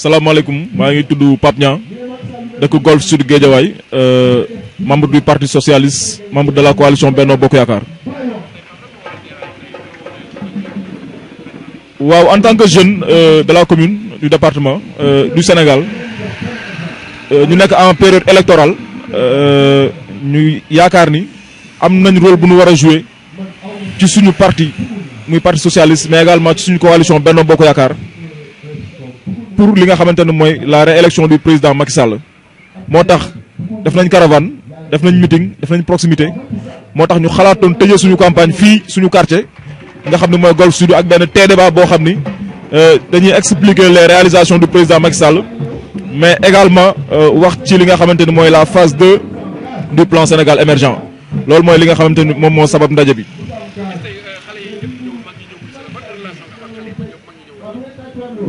salam alaikum, ngi Papnia Pape Golf Sud euh membre du parti socialiste membre de la coalition Benno Bokk Yakar. en tant que jeune euh, de la commune du département euh, du Sénégal euh, nous sommes en période électorale ñu y ni am nañ rôle bu nous wara jouer ci suñu parti parti socialiste mais également ci suñu coalition Benno Bokk Yakar pour li nga la réélection du président Macky Sall nous avons def nañ caravane def meeting def proximité nous avons ñu xalaatoon tëjee une campagne fi suñu quartier nous avons ne le Golf Sud ak un débat boo xam euh, les réalisations du président Macky Sall mais également nous euh, avons li nga la phase 2 du plan Sénégal émergent C'est ce que nous avons fait.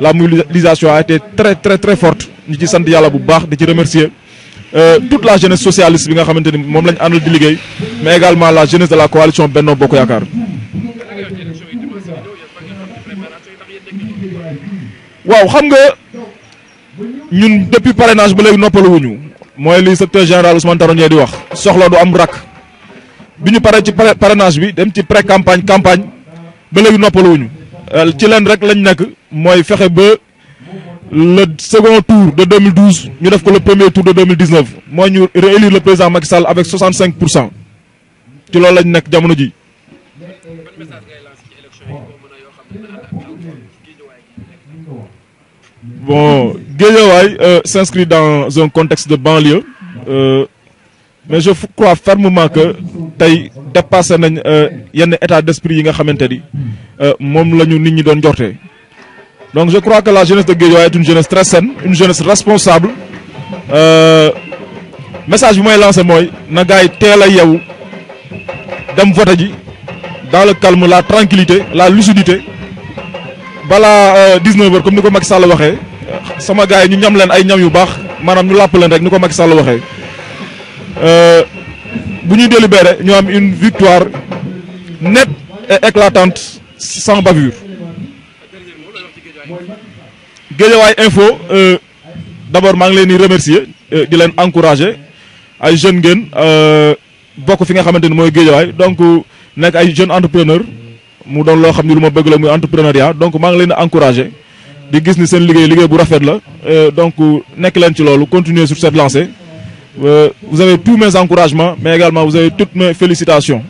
la mobilisation a été très très très forte ñu ci sant yàlla bu baax di ci remercier euh, toute la jeunesse socialiste bi nga xamante ni moom la ñu àndal di liggéey mais également la jeunesse de la coalition Benno Bokk Yaakaar. waaw xam nga ñun depuis parrainage ba léegi noppaluwuñu mooy li secrétaire général Ousmane Tarondier di wax. soxla du am rakk bi ñu paree ci parrainage bi dem ci pré campagne campagne ba léegi noppaluwuñu ci rek lañ le second tour de 2012 ñu def ko le premier tour de 2019 Moi ñu réélire le président Macky avec 65 ci lañ bon euh, s'inscrit dans un contexte de banlieue euh, mais je crois fermement que tay dépassé nañ euh, yenn état d'esprit yi nga xamante ni euh, mom lañu nit ñi doon donc je crois que la jeunesse de Guédiawaye est une jeunesse très saine une jeunesse responsable euh, message bi moy lancer moy na gaay yi teel dem vote ji dans le calme la tranquillité la lucidité balaa 19 h comme niko à Macky Sall waxé sama gaay yi ñu ñam leen ay ñam yu baax manam ñu lapp leen rek niko Macky Sall waxé euh, bu ñuy délibéré ñu am une victoire nette et éclatante sans bavure Guédiawaye info euh, d'abord maa ngi leen remercier euh, di leen encourager ay jeunes ngeen bokk fi nga xamante ni mooy Guédiawaye donc nekk ay jeune entrepreneur mu doon loo xam ni lu ma bëgg la muy donc maa ngi leen encourager di gis ni seen liggéey liggéey bu rafet la donc nekk leen ci loolu continuer sur cette lancée euh, vous avez tous mes encouragements, mais également vous avez toutes mes félicitations.